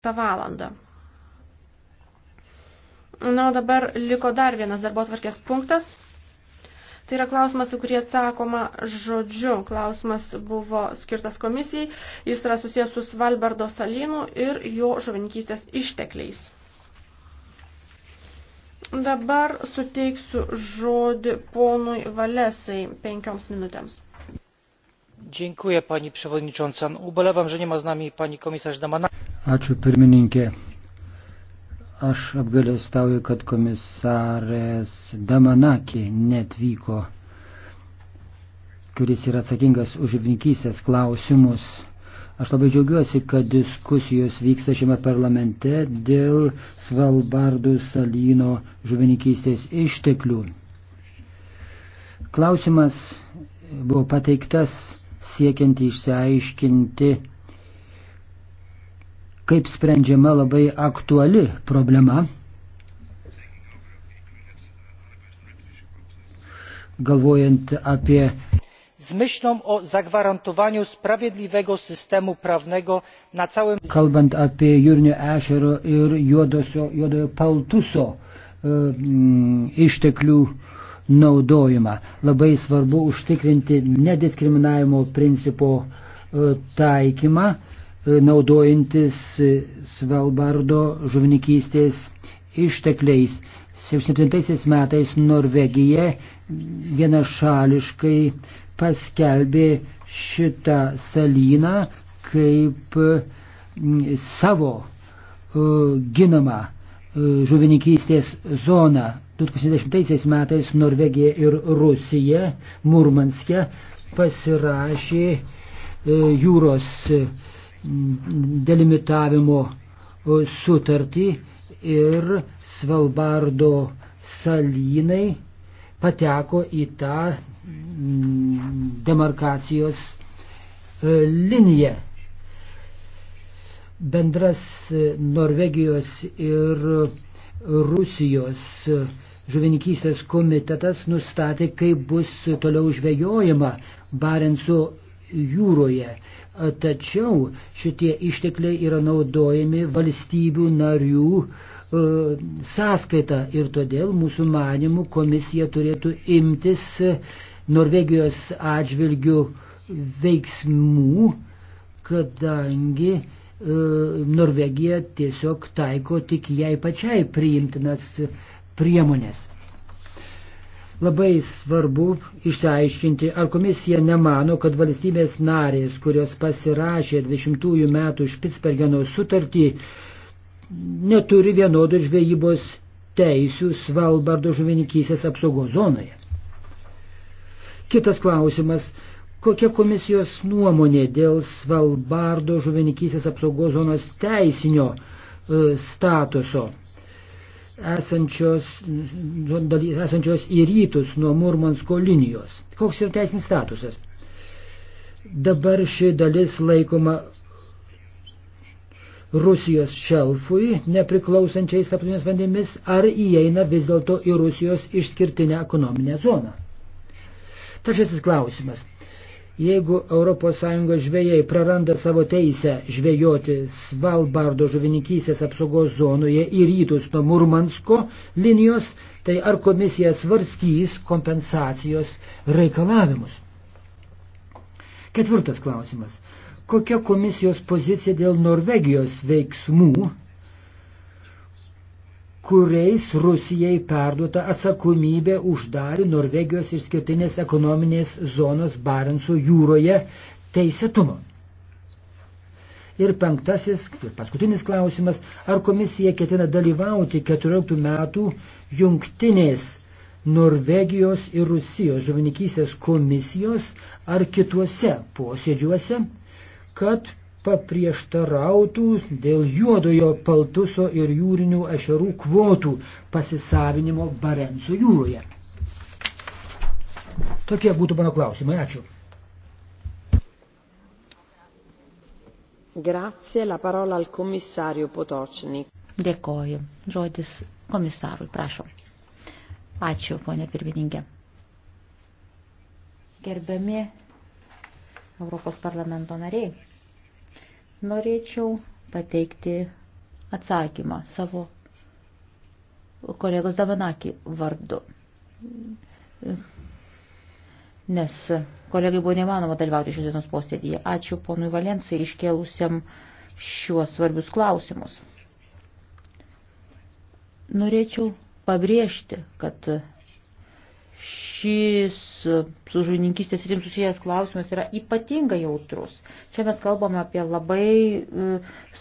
tą valandą. Na, o dabar liko dar vienas darbo tvarkės punktas. Tai yra klausimas, į kurį atsakoma žodžiu. Klausimas buvo skirtas komisijai. Jis yra susijęs su Svalbardo salynu ir jo žuvininkystės ištekliais. Dabar suteiksiu žodį ponui Valesai penkioms minutėms pani przewodnicząca! ubolewam że nie ma z nami pani komisarz damanaki. aš apgailestauju kad komisaras damanaki neatvyko kuris yra atsakingas už žuvininkystės klausimus. Aš labai džiaugiuosi, kad diskusijos vyksta šiame parlamente dėl Svalbardų salino žuvininkystės išteklių. Klausimas buvo pateiktas siekiant išsiaiškinti, kaip sprendžiama labai aktuali problema. Galvojant apie z myślą o zagwarantowaniu sprawiedliwego systemu prawnego na całym Kalbant apie jūrinio ešerio ir juodosio, juodojo paltuso e, m, išteklių naudojimą. Labai svarbu užtikrinti nediskriminavimo principo e, taikymą, e, naudojantis Svalbardo žuvininkystės ištekliais. 77 metais Norvegija vienašališkai paskelbė šitą salyną kaip savo e, ginamą E, žuvininkystės zoną. 2010 metais Norvegija ir Rusija Murmanske pasirašė e, jūros e, delimitavimo sutartį ir Svalbardo salynai pateko į tą demarkacijos liniją bendras Norvegijos ir Rusijos žuvininkystės komitetas nustatė, kaip bus toliau žvejojama Barenco jūroje. Tačiau šitie ištekliai yra naudojami valstybių narių e, sąskaita ir todėl mūsų manimų komisija turėtų imtis Norvegijos atžvilgių veiksmų, kadangi E, Norvegija tiesiog taiko tik jai pačiai priimtinas priemonės. Labai svarbu išsiaiškinti, ar komisija nemano, kad valstybės narės, kurios pasirašė 20 metų Špitsbergeno sutartį, neturi vienodų žvejybos teisių Svalbardo žuvininkysės apsaugos zonoje. Kitas klausimas Kokia komisijos nuomonė dėl Svalbardo žuvininkysės apsaugos zonos teisinio e, statuso, esančios, esančios į rytus nuo Murmansko linijos? Koks yra teisinis statusas? Dabar ši dalis laikoma Rusijos šelfui nepriklausančiais tarptautinės vandenimis ar įeina vis dėlto į Rusijos išskirtinę ekonominę zoną. Tačiasis klausimas Jeigu ES žvėjai praranda savo teisę žvėjoti Svalbardo žuvininkysės apsaugos zonoje į rytus nuo Murmansko linijos, tai ar komisija svarstys kompensacijos reikalavimus? Ketvirtas klausimas. Kokia komisijos pozicija dėl Norvegijos veiksmų kuriais Rusijai perduota atsakomybė uždari Norvegijos išskirtinės ekonominės zonos Barentsų jūroje teisėtumo. Ir penktasis, ir paskutinis klausimas, ar komisija ketina dalyvauti 14 metų jungtinės Norvegijos ir Rusijos žuvininkysės komisijos ar kituose posėdžiuose, kad paprieštarautų dėl juodojo paltuso ir jūrinių ešerų kvotų pasisavinimo Barenco jūroje. Tokie būtų mano klausimai. Ačiū. Grazie, la parola al komisario Potočnik. Dėkoju. Žodis komisarui, prašom. Ačiū, ponė pirmininkė. Gerbiami Europos parlamento nariai. Norėčiau pateikti atsakymą savo kolegos Davanakį vardu. Nes kolegai buvo neįmanoma dalyvauti šios dienos posėdėje. Ačiū ponui Valensai iškėlusiam šiuos svarbius klausimus. Norėčiau pabrėžti, kad šis su žuvininkystės rytim susijęs klausimas yra ypatingai jautrus. Čia mes kalbame apie labai e,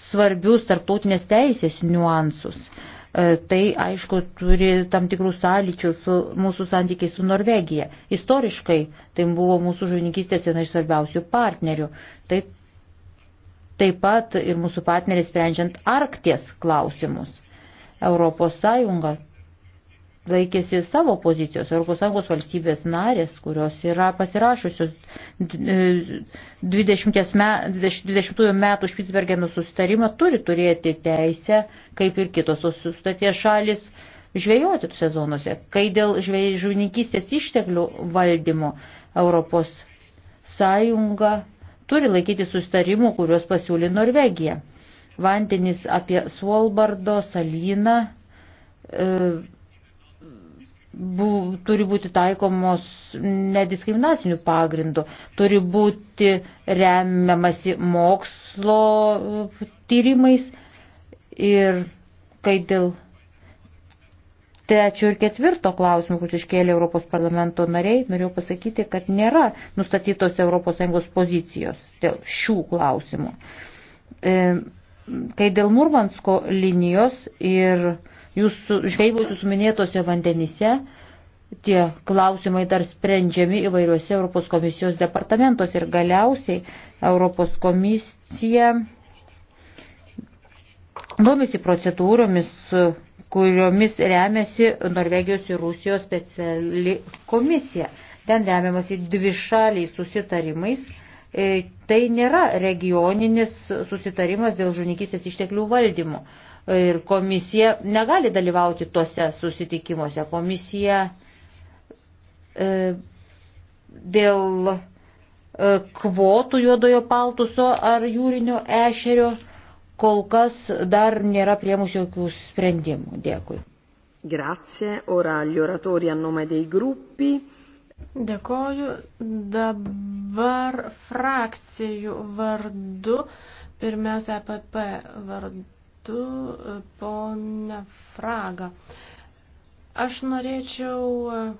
svarbius tarptautinės teisės niuansus. E, tai, aišku, turi tam tikrų sąlyčių su mūsų santykiai su Norvegija. Istoriškai tai buvo mūsų žuvininkystės viena iš svarbiausių partnerių. Tai taip pat ir mūsų partneriai sprendžiant Arkties klausimus. Europos Sąjunga laikėsi savo pozicijos. Europos Sąjungos valstybės narės, kurios yra pasirašusios 20 e, metų Špitsbergenų susitarimą, turi turėti teisę, kaip ir kitos sustaties šalis, žvejoti sezonuose. Kai dėl žuvininkystės išteklių valdymo Europos Sąjunga turi laikyti susitarimų, kuriuos pasiūlė Norvegija. Vandenys apie Svalbardo salyną. E, bu, turi būti taikomos nediskriminacinių pagrindų, turi būti remiamasi mokslo e, tyrimais ir kai dėl trečio ir ketvirto klausimų, kurį iškėlė Europos parlamento nariai, norėjau pasakyti, kad nėra nustatytos ES pozicijos dėl šių klausimų. E, kai dėl Murmansko linijos ir Jūsų žvejybos jūsų minėtose vandenyse tie klausimai dar sprendžiami įvairiuose Europos komisijos departamentuose ir galiausiai Europos komisija domisi procedūromis, kuriomis remiasi Norvegijos ir Rusijos speciali komisija. Ten remiamasi dvišaliais susitarimais. E, tai nėra regioninis susitarimas dėl žunikistės išteklių valdymo ir komisija negali dalyvauti tuose susitikimuose. Komisija e, dėl e, kvotų juodojo paltuso ar jūrinio ešerio kol kas dar nėra priemus jokių sprendimų. Dėkui. Grazie. Ora gli oratori a nome dei gruppi. Dėkoju. Dabar frakcijų vardu, pirmiausia, PP e vardu metu e, ponę Fragą. Aš norėčiau e,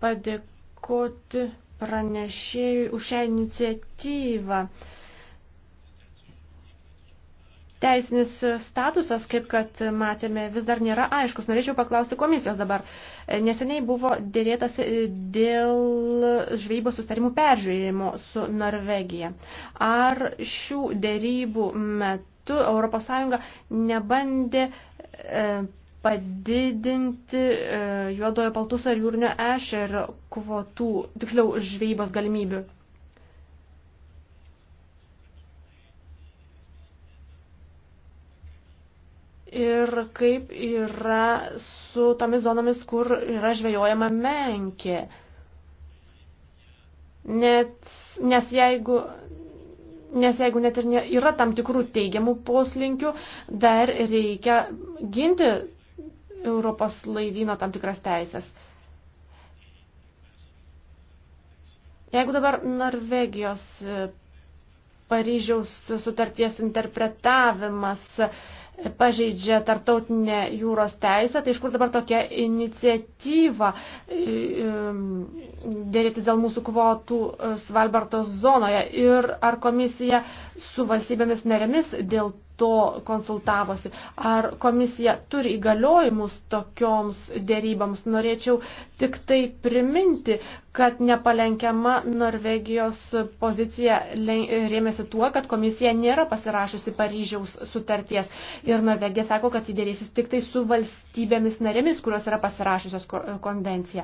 padėkoti pranešėjui už šią iniciatyvą. Teisinis statusas, kaip kad matėme, vis dar nėra aiškus. Norėčiau paklausti komisijos dabar. E, neseniai buvo dėrėtas dėl žvejybos sustarimų peržiūrėjimo su Norvegija. Ar šių dėrybų metu metu ES nebandė e, padidinti e, juodojo paltuso ir jūrinio ešerio kvotų, tiksliau žvejybos galimybių. ir kaip yra su tomis zonomis, kur yra žvejojama menkė. Net, nes jeigu Nes jeigu net ir ne, yra tam tikrų teigiamų poslinkių, dar reikia ginti Europos laivyno tam tikras teisės. Jeigu dabar Norvegijos e, Paryžiaus sutarties interpretavimas uh, pažeidžia tarptautinę jūros teisę, tai iš kur dabar tokia iniciatyva e, e, dėrėtis dėl mūsų kvotų e, Svalbartos zonoje ir ar komisija su valstybėmis narėmis dėl to konsultavosi. Ar komisija turi įgaliojimus tokioms dėryboms? Norėčiau tik tai priminti, kad nepalenkiama Norvegijos pozicija rėmėsi tuo, kad komisija nėra pasirašiusi Paryžiaus sutarties. Ir Norvegija sako, kad įdėrėsis tik tai su valstybėmis narėmis, kurios yra pasirašusios konvenciją.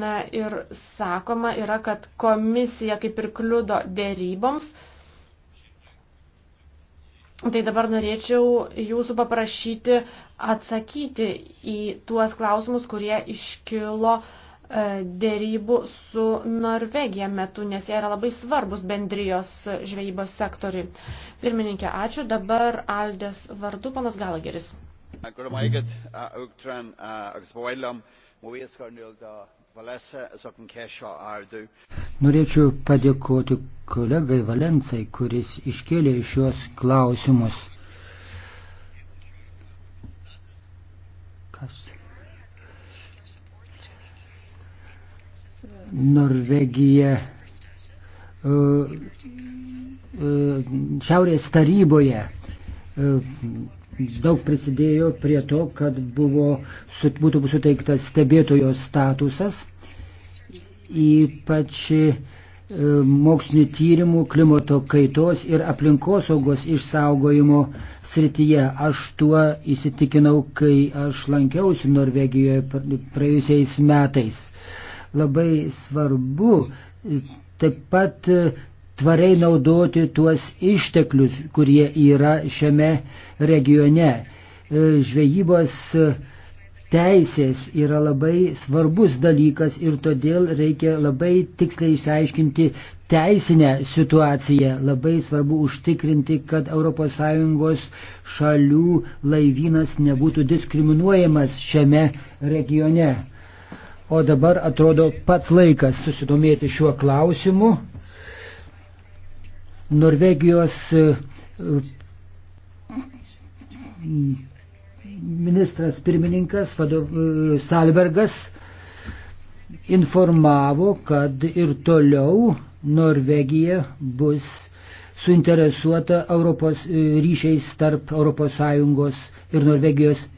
Na ir sakoma yra, kad komisija kaip ir kliudo dėryboms. Tai dabar norėčiau jūsų paprašyti atsakyti į tuos klausimus, kurie iškilo e, dėrybų su Norvegija metu, nes jie yra labai svarbus bendrijos žvejybos sektoriui. Pirmininkė, ačiū. Dabar Aldės vardu, panas Galageris. Uh, Norėčiau padėkoti kolegai Valencai, kuris iškėlė šios klausimus. Kas? Norvegija e, e, Šiaurės taryboje e, daug prisidėjo prie to, kad buvo, būtų suteiktas stebėtojo statusas, ypač e, mokslinio tyrimų, klimato kaitos ir aplinkosaugos išsaugojimo srityje. Aš tuo įsitikinau, kai aš lankiausi Norvegijoje praėjusiais metais. Labai svarbu e, taip pat e, tvariai naudoti tuos išteklius, kurie yra šiame regione. E, žvejybos teisės yra labai svarbus dalykas ir todėl reikia labai tiksliai išsiaiškinti teisinę situaciją. Labai svarbu užtikrinti, kad ES šalių laivynas nebūtų diskriminuojamas šiame regione. O dabar atrodo pats laikas susidomėti šiuo klausimu. Norvegijos e, ministras pirmininkas e, Salbergas informavo, kad ir toliau Norvegija bus suinteresuota Europos, e, ryšiais tarp ES ir Norvegijos.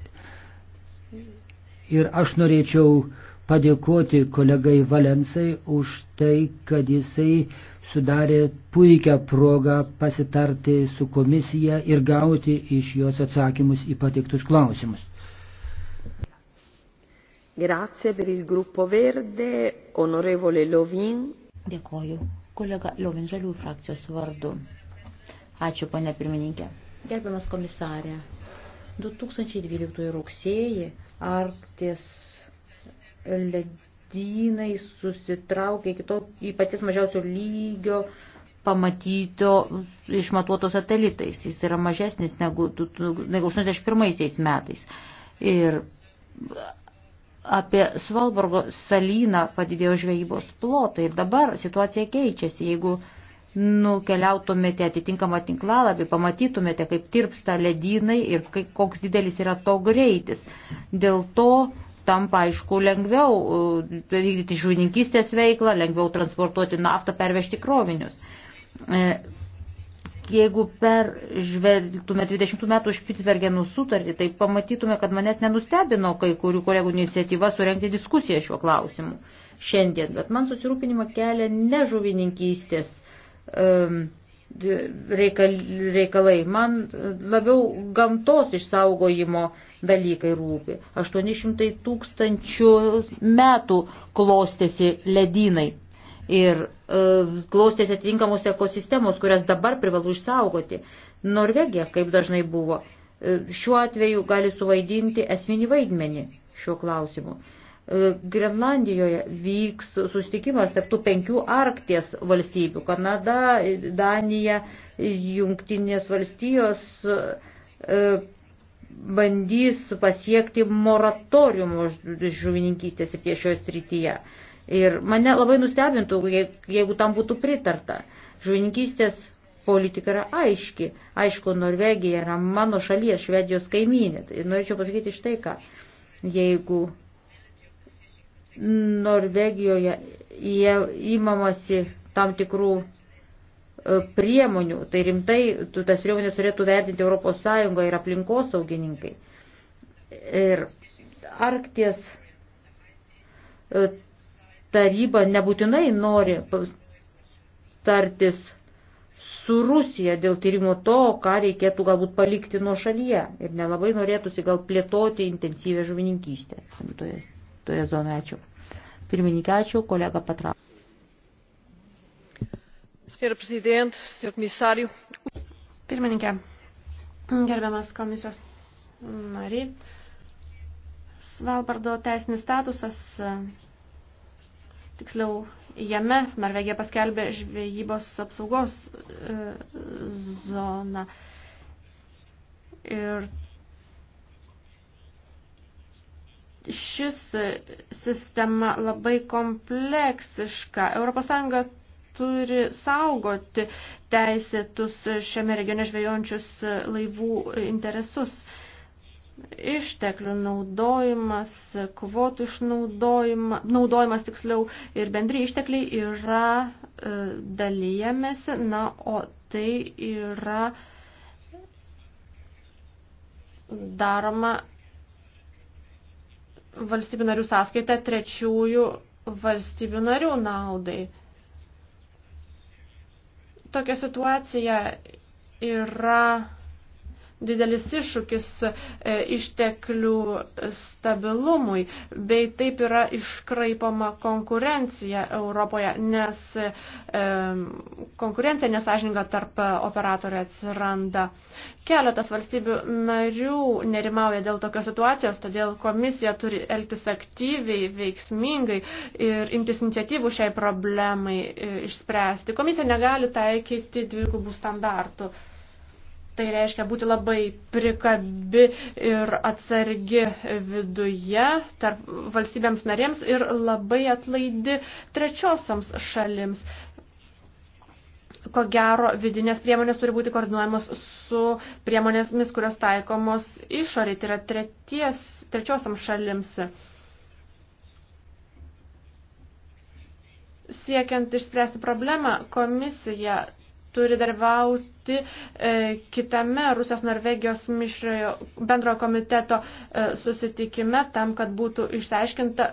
Ir aš norėčiau padėkoti kolegai Valensai už tai, kad jisai sudarė puikią progą pasitarti su komisija ir gauti iš jos atsakymus į pateiktus klausimus. Grazie per il gruppo verde, onorevole Lovin. Dėkoju, kolega Lovin Žalių frakcijos vardu. Ačiū, ponė pirmininkė. Gerbiamas komisarė, 2012 rugsėjį Arktis ledynai susitraukia iki to, į paties mažiausio lygio pamatyto išmatuoto satelitais. Jis yra mažesnis negu, negu 81 metais. Ir apie Svalborgo salyną padidėjo žvejybos plotai ir dabar situacija keičiasi. Jeigu nukeliautumėte atitinkamą tinklalapį, pamatytumėte, kaip tirpsta ledynai ir kaip, koks didelis yra to greitis. Dėl to tampa, aišku, lengviau uh, vykdyti žuvininkystės veiklą, lengviau transportuoti naftą, pervežti krovinius. E, jeigu peržvelgtume 20 metų Špitsbergenų sutartį, tai pamatytume, kad manęs nenustebino kai kurių kolegų iniciatyva surenkti diskusiją šiuo klausimu šiandien. Bet man susirūpinimą kelia ne žuvininkystės um, reikalai. Man labiau gamtos išsaugojimo dalykai rūpi. 800 tūkstančių metų klostėsi ledynai ir e, klostėsi atitinkamos ekosistemos, kurias dabar privalu išsaugoti. Norvegija, kaip dažnai buvo, e, šiuo atveju gali suvaidinti esminį vaidmenį šiuo klausimu. E, Grenlandijoje vyks susitikimas tarptų penkių Arkties valstybių - Kanada, Danija, Jungtinės valstijos e, bandys pasiekti moratoriumo žuvininkystės ir tiešios srityje. Ir mane labai nustebintų, jeigu tam būtų pritarta. Žuvininkystės politika yra aiški. Aišku, Norvegija yra mano šalies, Švedijos kaimynė. Tai norėčiau pasakyti štai ką. Jeigu Norvegijoje jie įmamasi tam tikrų e, priemonių, tai rimtai tas priemonės turėtų vertinti ES ir aplinkosaugininkai. Ir Arkties e, taryba nebūtinai nori tartis su Rusija dėl tyrimo to, ką reikėtų galbūt palikti nuo šalyje ir nelabai norėtųsi gal plėtoti intensyvę žuvininkystę. Samtojas toje zonoje. Ačiū. Pirmininkė, ačiū, kolega Patra. Pirmininkė, gerbiamas komisijos nariai, Svalbardo teisinis statusas, tiksliau jame Norvegija paskelbė žvejybos apsaugos e, zoną. Ir šis sistema labai kompleksiška. ES turi saugoti teisėtus šiame regione žvejojančius laivų interesus. Išteklių naudojimas, kvotų išnaudojimas, naudojimas tiksliau ir bendri ištekliai yra e, dalyjamėsi, na, o tai yra daroma valstybių narių sąskaita trečiųjų valstybių narių naudai. Tokia situacija yra didelis iššūkis e, išteklių stabilumui, bei taip yra iškraipoma konkurencija Europoje, nes e, konkurencija nesažininga tarp operatorių atsiranda. Keletas valstybių narių nerimauja dėl tokios situacijos, todėl komisija turi elgtis aktyviai, veiksmingai ir imtis iniciatyvų šiai problemai e, išspręsti. Komisija negali taikyti dvigubų standartų. Tai reiškia būti labai prikabi ir atsargi viduje tarp valstybėms narėms ir labai atlaidi trečiosiams šalims. Ko gero, vidinės priemonės turi būti koordinuojamos su priemonėmis, kurios taikomos išoriai, tai yra treties, trečiosiam šalims. Siekiant išspręsti problemą, komisija turi dalyvauti e, kitame Rusijos-Norvegijos mišrojo bendrojo komiteto e, susitikime tam, kad būtų išsiaiškinta,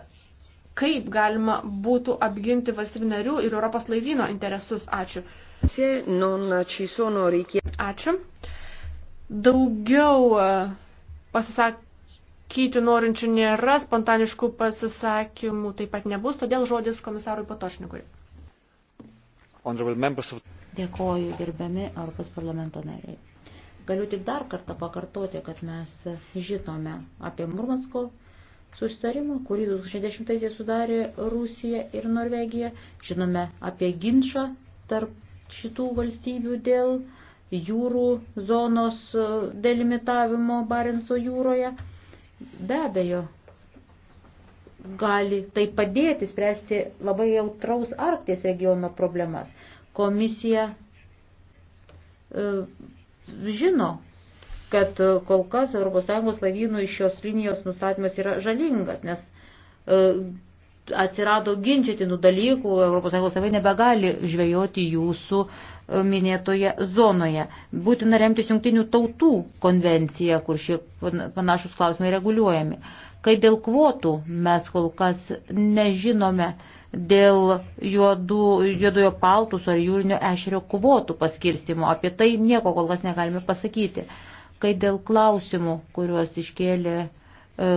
kaip galima būtų apginti valstybių narių ir Europos laivyno interesus. Ačiū. Ačiū. Daugiau e, pasisakyti norinčių nėra, spontaniškų pasisakymų taip pat nebus, todėl žodis komisarui Patošnikui. Dėkoju, gerbiami Europos parlamento nariai. Galiu tik dar kartą pakartoti, kad mes žinome apie Murmansko susitarimą, kurį 2010-aisiais sudarė Rusija ir Norvegija. Žinome apie ginčą tarp šitų valstybių dėl jūrų zonos delimitavimo Barenso jūroje. Be abejo, gali tai padėti spręsti labai jautraus Arkties regiono problemas. Komisija e, žino, kad kol kas ES laivynų iš šios linijos nustatymas yra žalingas, nes e, atsirado ginčytinų dalykų, ES laivai nebegali žvejoti jūsų e, minėtoje zonoje. Būtina remtis jungtinių tautų konvenciją, kur šie panašus klausimai reguliuojami. E, Kai dėl kvotų mes kol kas nežinome dėl juodų, juodojo paltus ar jūrinio ešerio kvotų paskirstimo, apie tai nieko kol kas negalime pasakyti. Kai dėl klausimų, kuriuos iškėlė e,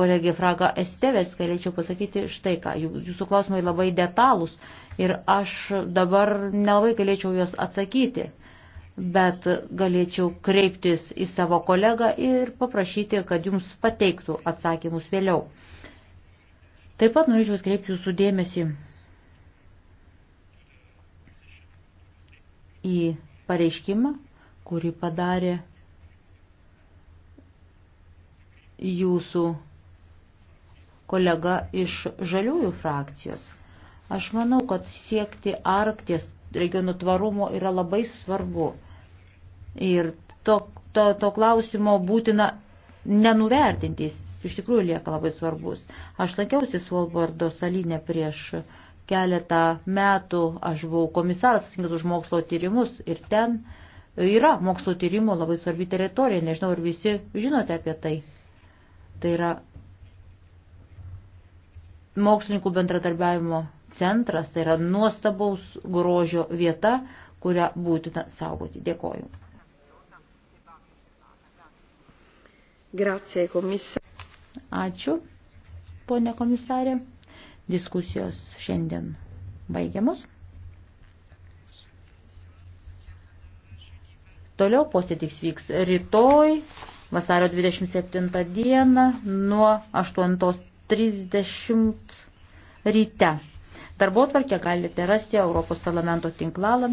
kolegė Fraga Esteves, galėčiau pasakyti štai ką. Jūsų klausimai labai detalūs ir aš dabar nelabai galėčiau juos atsakyti bet galėčiau kreiptis į savo kolegą ir paprašyti, kad jums pateiktų atsakymus vėliau. Taip pat norėčiau atkreipti jūsų dėmesį į pareiškimą, kurį padarė jūsų kolega iš žaliųjų frakcijos. Aš manau, kad siekti Arkties regionų tvarumo yra labai svarbu. Ir to, to, to klausimo būtina nenuvertinti, jis iš tikrųjų lieka labai svarbus. Aš lankiausi Svalbardo salinę prieš keletą metų, aš buvau komisaras atsakingas už mokslo tyrimus ir ten yra mokslo tyrimo labai svarbi teritorija, nežinau, ar visi žinote apie tai. Tai yra mokslininkų bendradarbiavimo centras, tai yra nuostabaus grožio vieta, kurią būtina saugoti. Dėkoju. Grazie, komisarė. Ačiū, ponė komisarė. Diskusijos šiandien baigiamos. Toliau posėdis vyks rytoj, vasario 27 dieną nuo 8.30 ryte. Darbo tvarkę galite rasti Europos parlamento tinklalam.